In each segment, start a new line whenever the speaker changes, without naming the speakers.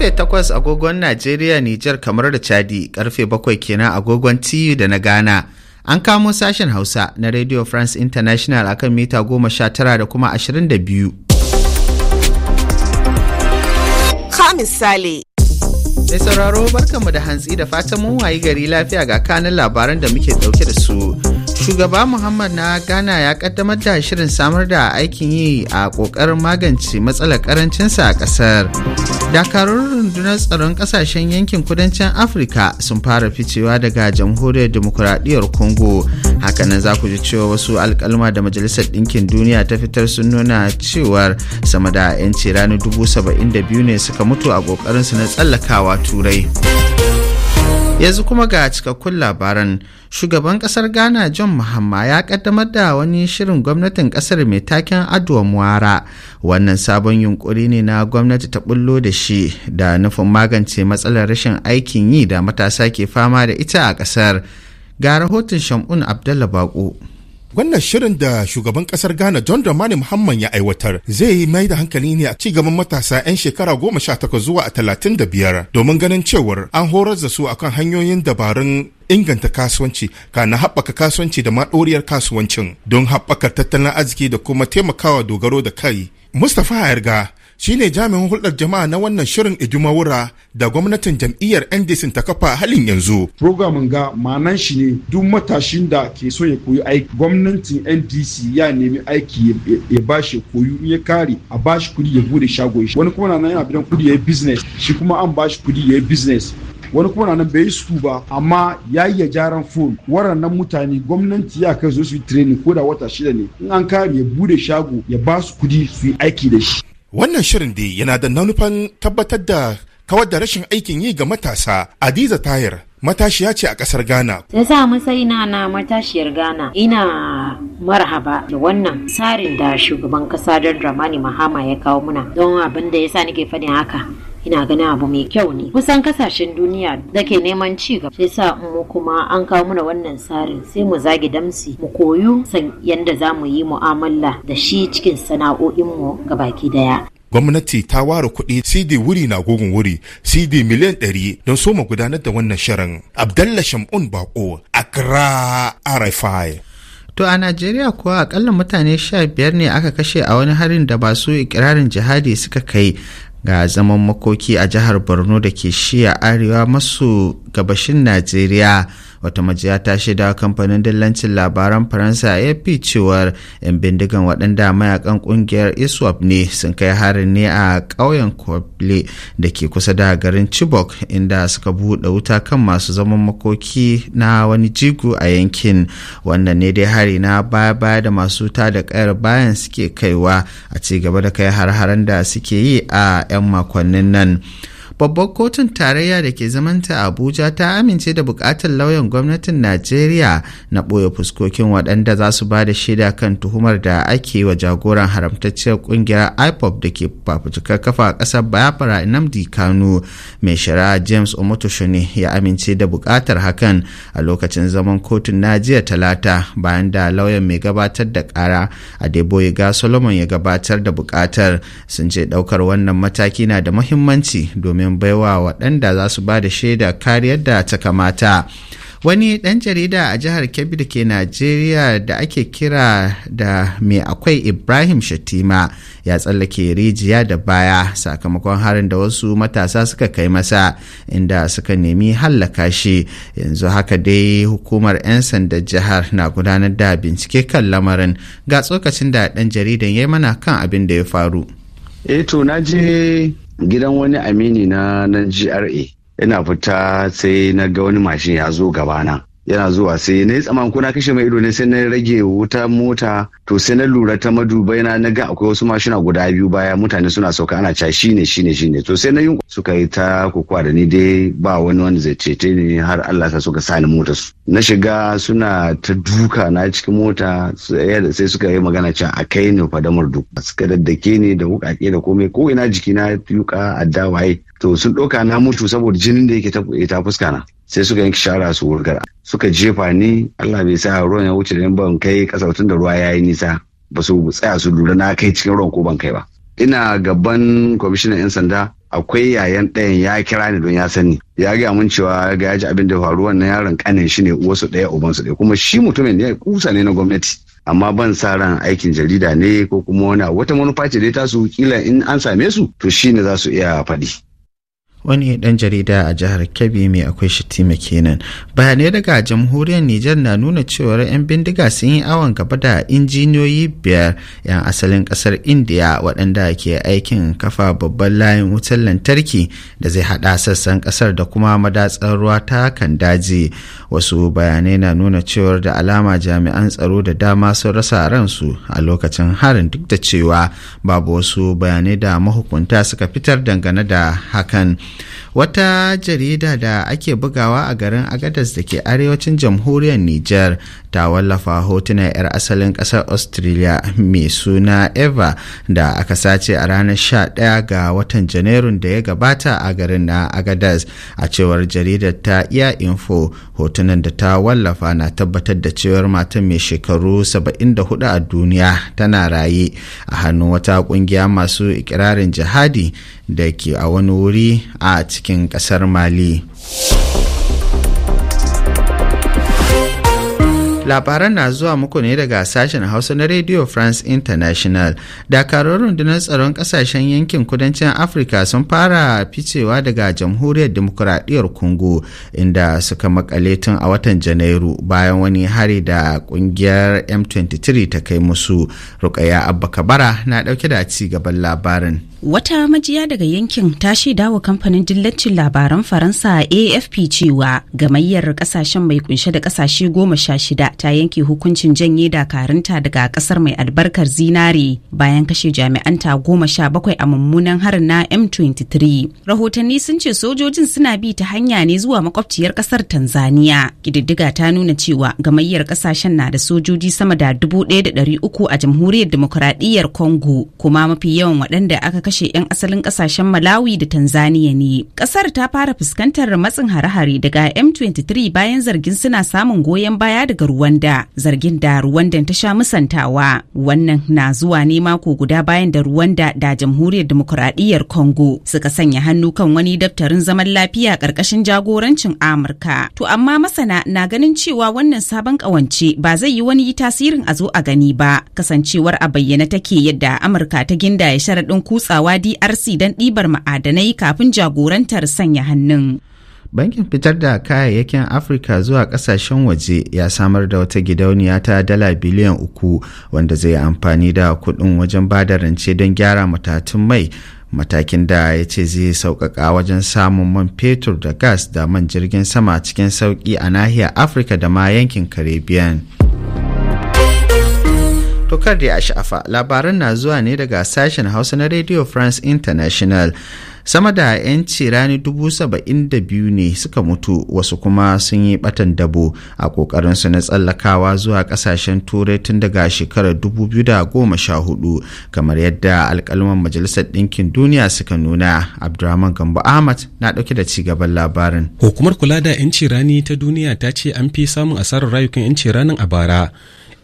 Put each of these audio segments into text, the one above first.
Karfe takwas agogon Najeriya, Nijar kamar da Chadi, karfe bakwai kenan agogon TU da na Ghana. An kamo sashen Hausa na Radio France International akan mita goma sha tara da kuma ashirin da biyu.
Ka misali. Mai
sauraro barkanmu da hantsi da fatan mun wayi gari lafiya ga kanin labaran da muke dauke da su. Shugaba Muhammad na Ghana ya kaddamar da shirin samar da aikin yi a kokarin magance matsalar karancinsa a kasar. dakarun rundunar tsaron kasashen yankin kudancin afirka sun fara ficewa daga jamhuriyar demokuraɗiyyar congo hakanan za ku ji cewa wasu alkalma da majalisar ɗinkin duniya ta fitar sun nuna cewar sama da 'yanci ranar 72 ne suka mutu a su na tsallakawa turai yanzu kuma ga cikakkun labaran shugaban kasar ghana john mahama ya kaddamar da wani shirin gwamnatin kasar mai taken adwa muwara wannan sabon yunkuri ne na gwamnati ta bullo da shi da nufin magance matsalar rashin aikin yi da matasa ke fama da ita a kasar ga rahoton shamun abdallah bako Wannan shirin da shugaban kasar Ghana John Dramani Muhammad ya aiwatar zai
yi mai da hankali ne a cigaban matasa 'yan shekara goma sha takwas zuwa talatin da biyar domin ganin cewar an horar da su akan hanyoyin dabarun inganta kasuwanci kana haɓaka kasuwanci da maɗoriyar kasuwancin don haɓaka tattalin arziki da kuma taimakawa dogaro da kai. Mustapha Yarga Shi ne jami'in hulɗar jama'a na wannan shirin Wura da gwamnatin jam'iyyar NDC ta kafa halin yanzu. Programin ga manan shi ne duk matashin da ke so ya koyi aiki gwamnatin NDC ya nemi aiki ya ba koyu koyi ya kare a ba shi kudi ya bude shago shi wani kuma na nan yana bidan kudi ya yi business shi kuma an ba shi kudi ya yi business wani kuma na nan bai yi su ba amma ya yi gyaran fon waɗannan mutane gwamnati ya kai su su yi training ko da wata shida ne in an kare ya bude shago ya ba su kudi su yi aiki da shi Wannan shirin dai yana da nanufan tabbatar da kawar da rashin aikin yi ga
matasa
Adiza Tayar matashiya ce a ƙasar Ghana.
Ya sa matsayina na matashiyar Ghana ina marhaba da wannan tsarin da shugaban kasa don Dramani Mahama ya kawo muna don abin da ya sa nake faɗin haka. ina ganin abu mai kyau ne kusan kasashen duniya da ke neman ci gaba sai sa mu kuma an kawo muna wannan tsarin sai mu zagi damsi mu koyu san yadda za mu yi mu'amala da shi cikin sana'o'in sana'o'inmu baki daya
gwamnati ta ware kuɗi cd wuri na gogon wuri cd miliyan ɗari don soma gudanar da wannan shirin abdallah shamun bako
accra rfi To a Najeriya kuwa akalla mutane sha biyar ne aka kashe a wani harin da ba su ikirarin jihadi suka kai ga zaman makoki a jihar borno da ke shiya arewa maso gabashin najeriya wata majiya ta shaida kamfanin dillancin labaran faransa ap cewar 'yan bindigan waɗanda mayakan ƙungiyar iswap ne sun kai harin ne a ƙauyen kwable da ke kusa da garin chibok inda suka buɗe wuta kan masu zaman makoki na wani jigo a yankin wannan ne dai hari na baya baya da masu ta da ƙayar bayan suke kaiwa a ci gaba da kai har-haren da suke yi a 'yan makonnin nan. babbar kotun tarayya da ke zamanta a abuja ta amince da bukatar lauyan gwamnatin najeriya na ɓoye fuskokin waɗanda za su ba da shaida kan tuhumar da ake wa jagoran haramtacciyar ƙungiyar ipop da ke fafutukar kafa a ƙasar biafra namdi KANU, mai shari'a james omotoshone ya amince da bukatar hakan a lokacin zaman kotun na jiya talata bayan da lauyan mai gabatar da ƙara adeboye ga solomon ya gabatar da bukatar sun ce ɗaukar wannan mataki na da muhimmanci domin domin baiwa waɗanda za su ba da shaida kariyar da ta kamata wani ɗan jarida a jihar kebbi da ke najeriya da ake kira da mai akwai ibrahim shatima ya tsallake rijiya da baya sakamakon harin da wasu matasa suka kai masa inda suka nemi hallaka shi yanzu haka dai hukumar 'yan sanda jihar na gudanar da bincike kan lamarin ga tsokacin da ɗan jaridan ya mana kan abin da ya faru.
Eh to na je gidan wani amini na na gra ina fita sai na ga wani mashin ya zo gabana yana zuwa sai na yi tsaman kuna kashe mai ido ne sai na rage wuta mota to sai na lura ta madubai na ga akwai wasu mashina guda biyu baya mutane suna sauka ana ca shine shine shine to sai na yi suka yi ta kukuwa da ni dai ba wani wanda zai cece ni har Allah sa suka sani mota su na shiga suna ta duka na cikin mota sai suka yi magana cewa a kai ni fadamar duka suka daddake ni da wukake da komai ko ina jiki na yuka addawa to sun ɗauka na mutu saboda jinin da yake ta fuskana. sai suka yanke shara su wurgar suka jefa ni Allah bai sa ruwan ya wuce da ban kai kasautun tun da ruwa yayi nisa ba su tsaya su lura na kai cikin ruwan ko ban kai ba ina gaban kwamishinan 'yan sanda akwai yayan ɗayan ya kira ni don ya sani ya gaya mun cewa ga ya ji abin da faru wannan yaron kanin shi ne uwarsu ɗaya ubansu ɗaya kuma shi mutumin ne kusa ne na gwamnati amma ban sa ran aikin jarida ne ko kuma wani wata manufa ce dai tasu kila in an same su to shi ne za su iya faɗi
wani dan jarida a jihar kebbi mai akwai tima kenan bayanai daga jamhuriyar nijar na nuna cewar 'yan bindiga sun yi awon gaba da injiniyoyi biyar 'yan asalin kasar indiya waɗanda ke aikin kafa babban layin wutar lantarki da zai haɗa sassan kasar da kuma madatsar ruwa ta kan daji wasu bayanai na nuna cewar da alama jami'an tsaro da dama sun rasa ransu a lokacin harin duk da cewa babu wasu bayanai da mahukunta suka fitar dangane da hakan wata jarida da ake bugawa a garin agadas da ke arewacin jamhuriyar niger ta wallafa hotunan 'yar asalin ƙasar australia mai suna eva da aka sace a ranar 11 ga watan janairun da ya gabata a garin na agadas a cewar jaridar ta iya info hotunan da ta wallafa na tabbatar da cewar matan mai shekaru 74 a duniya tana raye a hannun wata kungiya masu ikirarin jihadi da ke a wani wuri a cikin ƙasar mali. labaran na zuwa muku ne daga sashen hausa na radio france international dakarun rundunar tsaron kasashen yankin kudancin afirka sun fara ficewa daga jamhuriyar demokuraɗiyyar congo inda suka makale tun a watan janairu bayan wani hari da kungiyar m23 ta kai musu rukaya abba kabara na ɗauke da ci gaban labarin
Wata majiya daga yankin ta shaida wa kamfanin dillacin labaran Faransa AFP cewa gamayyar kasashen mai kunshe da kasashe goma sha shida ta yanke hukuncin janye dakarunta daga kasar mai albarkar zinare bayan kashe jami'anta goma sha bakwai a mummunan harin na M23. Rahotanni sun ce sojojin suna bi ta hanya ne zuwa makwabciyar kasar Tanzania. Kididdiga ta nuna cewa gamayyar kasashen na da sojoji sama da dubu ɗaya da ɗari uku a jamhuriyar demokuraɗiyyar Congo kuma mafi yawan waɗanda aka kashe 'yan asalin kasashen Malawi da Tanzania ne. Kasar ta fara fuskantar matsin hare-hare daga M23 bayan zargin suna samun goyon baya daga Rwanda, zargin da Rwanda ta sha musantawa. Wannan na zuwa ne mako guda bayan da Rwanda da Jamhuriyar Demokuraɗiyyar Congo suka sanya hannu kan wani daftarin zaman lafiya ƙarƙashin jagorancin Amurka. To amma masana na ganin cewa wannan sabon ƙawance ba zai yi wani tasirin a zo a gani ba, kasancewar a bayyana take yadda Amurka ta ginda gindaya sharaɗin kutsa hawa DRC don ɗibar ma'adanai kafin jagorantar sanya hannun.
Bankin fitar da kayayyakin Afirka zuwa kasashen waje ya samar da wata gidauniya ta dala biliyan uku wanda zai amfani da kuɗin wajen bada rance don gyara matatun mai matakin da ya ce zai sauƙaƙa wajen samun man fetur da gas da man jirgin sama cikin sauƙi a nahiyar Afirka da ma yankin Caribbean. To kar da sha'afa labaran na zuwa ne daga sashen Hausa na Radio France International. Sama da 'yanci rani dubu saba'in da biyu ne suka mutu wasu kuma sun yi batan dabo a kokarinsu na tsallakawa zuwa kasashen turai tun daga shekarar hudu kamar yadda alkalman majalisar ɗinkin duniya suka nuna abdurrahman gambo ahmad na ɗauke da cigaban labarin
hukumar kula da 'yanci rani ta duniya ta ce an fi samun asarar rayukan 'yanci ranin a bara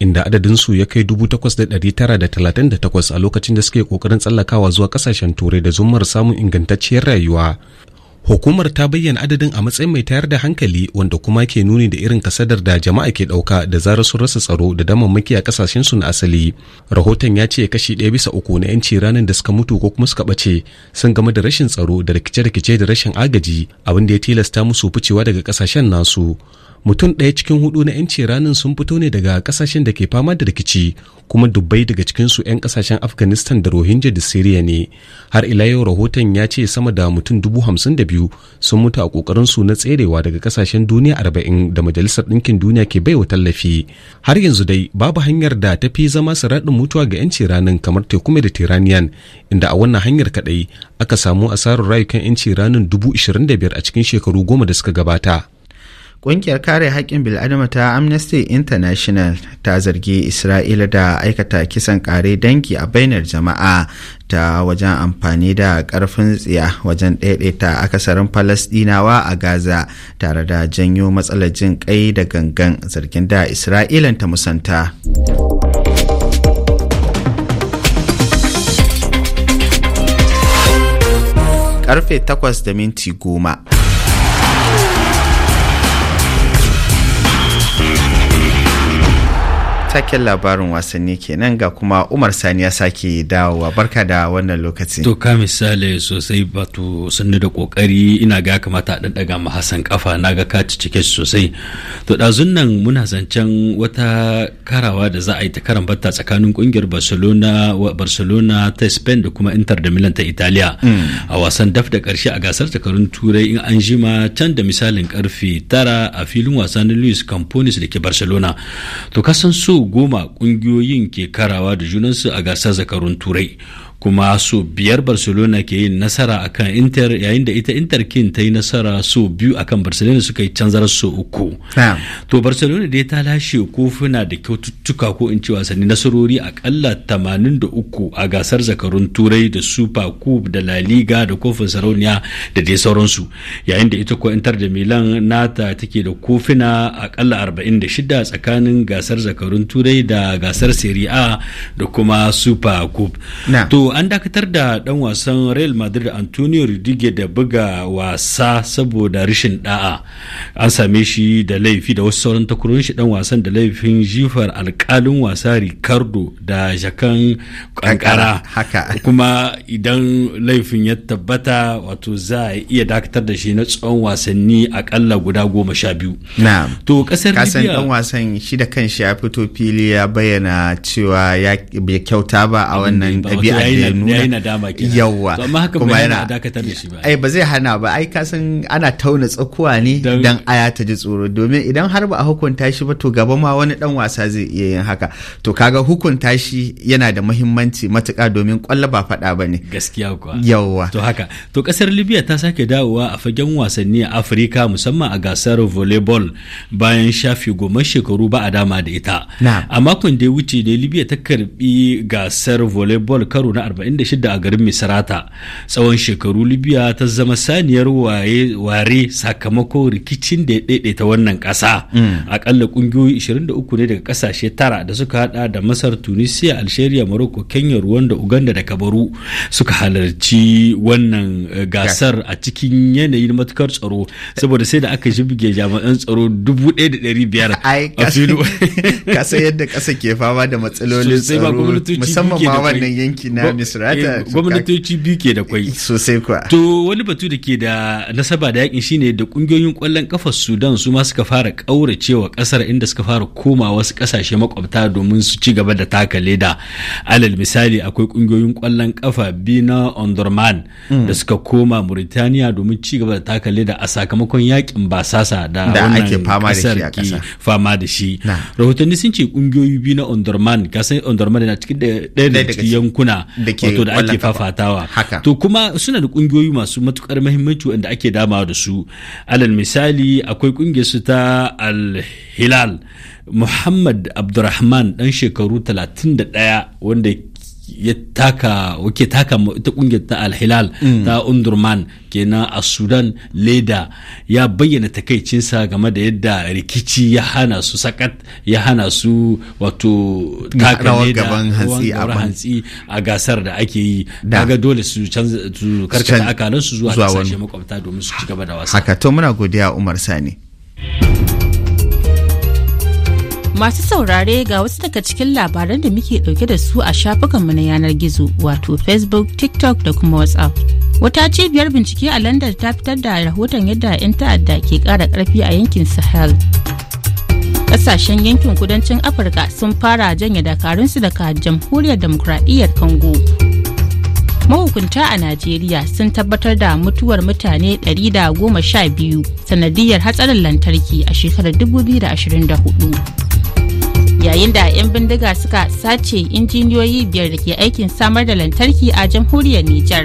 inda adadinsu ya kai 8,938 a lokacin da suke kokarin tsallakawa zuwa kasashen turai da zumar samun ingantacciyar rayuwa hukumar ta bayyana adadin a matsayin mai tayar da hankali wanda kuma ke nuni da irin kasadar da jama'a ke ɗauka da zarar sun rasa tsaro da damammaki a kasashen su na asali rahoton ya ce kashi ɗaya bisa uku na yanci ranar da suka mutu ko kuma suka ɓace sun game da rashin tsaro da rikice-rikice da rashin agaji abin da ya tilasta musu ficewa daga kasashen nasu mutum ɗaya cikin hudu na 'yanci ranin sun fito ne daga kasashen da ke fama da rikici kuma dubbai daga cikinsu 'yan kasashen afghanistan da rohingya da syria ne har ila yau rahoton ya ce sama da mutum dubu hamsin sun mutu a kokarin su na tserewa daga kasashen duniya arba'in da majalisar ɗinkin duniya ke baiwa tallafi har yanzu dai babu hanyar da ta fi zama siraɗin mutuwa ga 'yanci ranin kamar teku mediterranean inda a wannan hanyar kaɗai aka samu asarar rayukan 'yanci ranin dubu ishirin da biyar a cikin shekaru
goma da suka gabata Ƙungiyar kare haƙƙin bil'adama ta Amnesty International ta zargi Isra'ila da aikata kisan ƙare dangi a bainar jama'a ta wajen amfani da ƙarfin tsiya wajen ɗaiɗaita akasarin Falasɗinawa a Gaza tare da janyo matsalar jin ƙai da gangan zargin da Isra'ilan ta musanta. karfe 8:10 da minti taken labarin wasanni kenan ga kuma umar sani ya sake dawowa barka da wannan lokaci to
ka misali sosai bato sannu da kokari ina ga kamata a daddaga ma hasan kafa na ga ka cike sosai to dazun nan muna zancen wata karawa da za a yi ta karan batta tsakanin kungiyar barcelona barcelona ta spain da kuma inter da milan ta italiya mm. a wasan daf da karshe a gasar takarun turai in an jima can da misalin karfe tara a filin wasa na luis camponis da ke barcelona to kasan su goma ƙungiyoyin ke karawa da junansu a gasar zakarun turai kuma su biyar barcelona ke yin nasara akan inter yayin da ita inter kin ta yi nasara su biyu akan barcelona suka yi canzar su uku to barcelona dai ta lashe kofuna da kyaututtuka ko in ce wasanni nasarori akalla 83 a gasar zakarun turai da super cup da la liga da kofin sarauniya da dai sauransu yayin da ita ko inter da milan nata take da kofuna akalla 46 tsakanin gasar zakarun turai da gasar serie a da kuma super cup to an dakatar da dan wasan Real Madrid Antonio Rudiger da buga wasa saboda rashin da'a. An same shi da laifi da wasu sauran takurorin shi dan wasan da laifin jifar alkalin wasa Ricardo da jakan kankara. Haka. Kuma idan laifin ya tabbata wato za a iya dakatar da shi na tsawon wasanni akalla guda goma sha biyu.
To kasar Kasan dan wasan shi da kanshi ya fito fili ya bayyana cewa ya kyauta ba a wannan ɗabi'ar. kuma ba ai ba zai hana ba ai kasan ana tauna tsakuwa ne dan aya ta ji tsoro domin idan har ba a hukunta shi ba to gaba ma wani dan wasa zai iya yin haka to kaga hukunta shi yana da muhimmanci matuka domin kwallo ba faɗa ba ne gaskiya kuwa yawa to haka to kasar libya ta sake dawowa a fagen wasanni a
afirka musamman a gasar volleyball bayan shafi goma shekaru ba a dama da ita a makon da ya wuce da libya ta karbi gasar volleyball karo na shekara 46 a garin misrata tsawon shekaru libya ta zama saniyar ware sakamakon rikicin da ya daidaita wannan ƙasa mm. akalla ƙungiyoyi 23 ne daga ƙasashe tara da suka hada da masar tunisia algeria morocco kenya rwanda uganda da kabaru suka halarci wannan eh, gasar a cikin yanayin matukar tsaro saboda sai da aka shibge jami'an tsaro 1,500 a filo kasa
yadda kasa ke fama da matsalolin tsaro musamman ma wannan yanki na gwamnati eh, gwamnatoci
biyu ke da kwai sosai kuwa to wani batu da ke da nasaba da yakin shine da kungiyoyin kwallon kafar sudan su ma suka fara kauracewa kasar inda suka fara koma wasu kasashe makwabta domin su ci gaba da taka leda alal misali akwai kungiyoyin kwallon kafa biyu ondorman da mm. suka koma muritaniya domin ci gaba da taka leda a sakamakon yakin basasa da wannan kasar ke fama da shi rahotanni sun ce kungiyoyi biyu na ondorman kasan ondorman na cikin daya daga cikin yankuna da ke wato da ake fafatawa to kuma suna da kungiyoyi masu matukar mahimmanci wanda ake damawa da su alal misali akwai kungiyar su ta al hilal muhammad abdurrahman dan shekaru 31 wanda ya taka wake taka ita kungiyar ta alhilal mm. ta undurman kenan a sudan leda ya bayyana takaicinsa game da yadda rikici ya hana su sakat ya hana su wato taka leda hantsi a gasar da ake yi daga dole su karkata akalansu zuwa kasashe makwabta domin su ci gaba da wasa
haka to muna godiya umar sani
Masu saurare ga wasu daga cikin labaran da muke dauke da su a shafukanmu na yanar gizo wato Facebook, TikTok da kuma WhatsApp. Wata cibiyar bincike a London ta fitar da rahoton yadda 'yan ta'adda ke ƙara ƙarfi a yankin Sahel. Ƙasashen yankin kudancin Afirka sun fara janye dakarunsu daga jamhuriyar demokuraɗiyyar Congo. Mahukunta a Najeriya sun tabbatar da mutuwar mutane 112 sanadiyar hatsarin lantarki a shekarar 2024. yayin da 'yan bindiga suka sace injiniyoyi biyar da ke aikin samar da lantarki a jamhuriyar Nijar.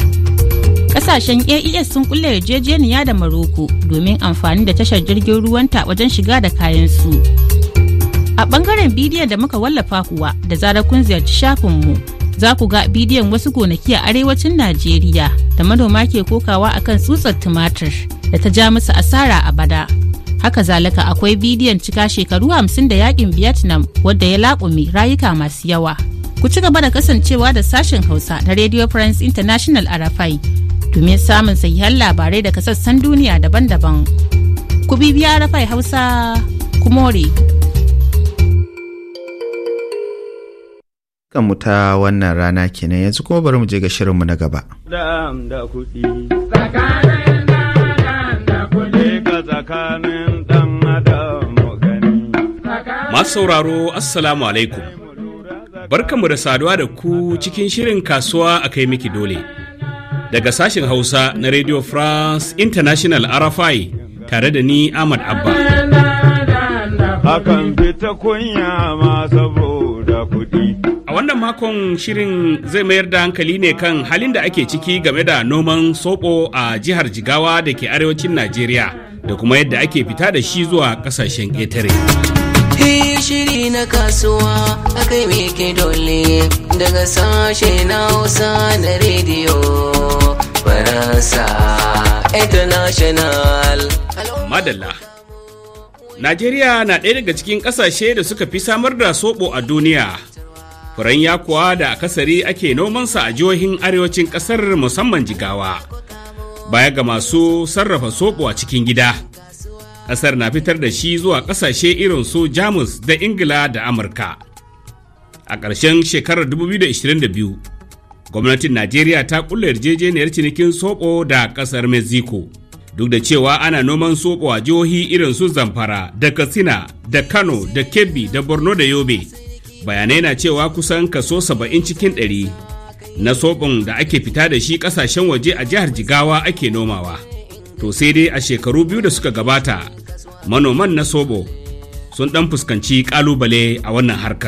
Kasashen AES sun kulle yarjejeniya da Maroko domin amfani da tashar jirgin ruwanta wajen shiga da kayan su. A bangaren bidiyon da muka wallafa kuwa da zarar kun ziyarci shafinmu za ku ga bidiyon wasu gonaki a arewacin Najeriya da manoma ke kokawa akan tsutsar tumatir da ta ja musu asara a bada. haka zalika akwai bidiyon cika shekaru hamsin da yakin vietnam wadda ya laƙume rayuka masu yawa ku ci gaba da kasancewa da sashen hausa na radio france international arafai domin samun sahihan labarai daga sassan duniya daban-daban ku bibiya arafai hausa kumore
kan muta wannan rana kenan yanzu kuma bari mu je ga shirinmu na gaba da
Masu sauraro Assalamu alaikum. Barkanmu da saduwa da ku cikin shirin kasuwa a kai miki dole. Daga sashen Hausa na Radio France International RFI tare da ni Ahmad Abba. A wannan makon shirin zai mayar da hankali ne kan halin da ake ciki game da noman soɓo a jihar Jigawa da ke arewacin Najeriya da kuma yadda ake fita da shi zuwa ƙasashen ƙetare.
shiri na kasuwa akai meke dole daga sashe na hausa na rediyo
faransa international
madalla najeriya na ɗaya daga cikin ƙasashe da suka fi samar da soɓo a duniya furen yakuwa da akasari ake nomansa a jihohin arewacin ƙasar musamman jigawa baya ga masu sarrafa soɓo a cikin gida Kasar na fitar da shi zuwa ƙasashe irin su jamus da ingila da amurka a ƙarshen shekarar 2022 gwamnatin najeriya ta ƙulla yarjejeniyar cinikin soɓo da ƙasar mexico duk da cewa ana noman soɓo a jihohi irin su zamfara da katsina da kano da kebbi da borno da yobe bayanai na cewa kusan kaso 70 cikin ɗari. na soɓon da ake fita da shi ƙasashen waje a jihar jigawa ake nomawa to sai dai a shekaru biyu da suka gabata manoman na sobo sun ɗan fuskanci kalubale a wannan harkar.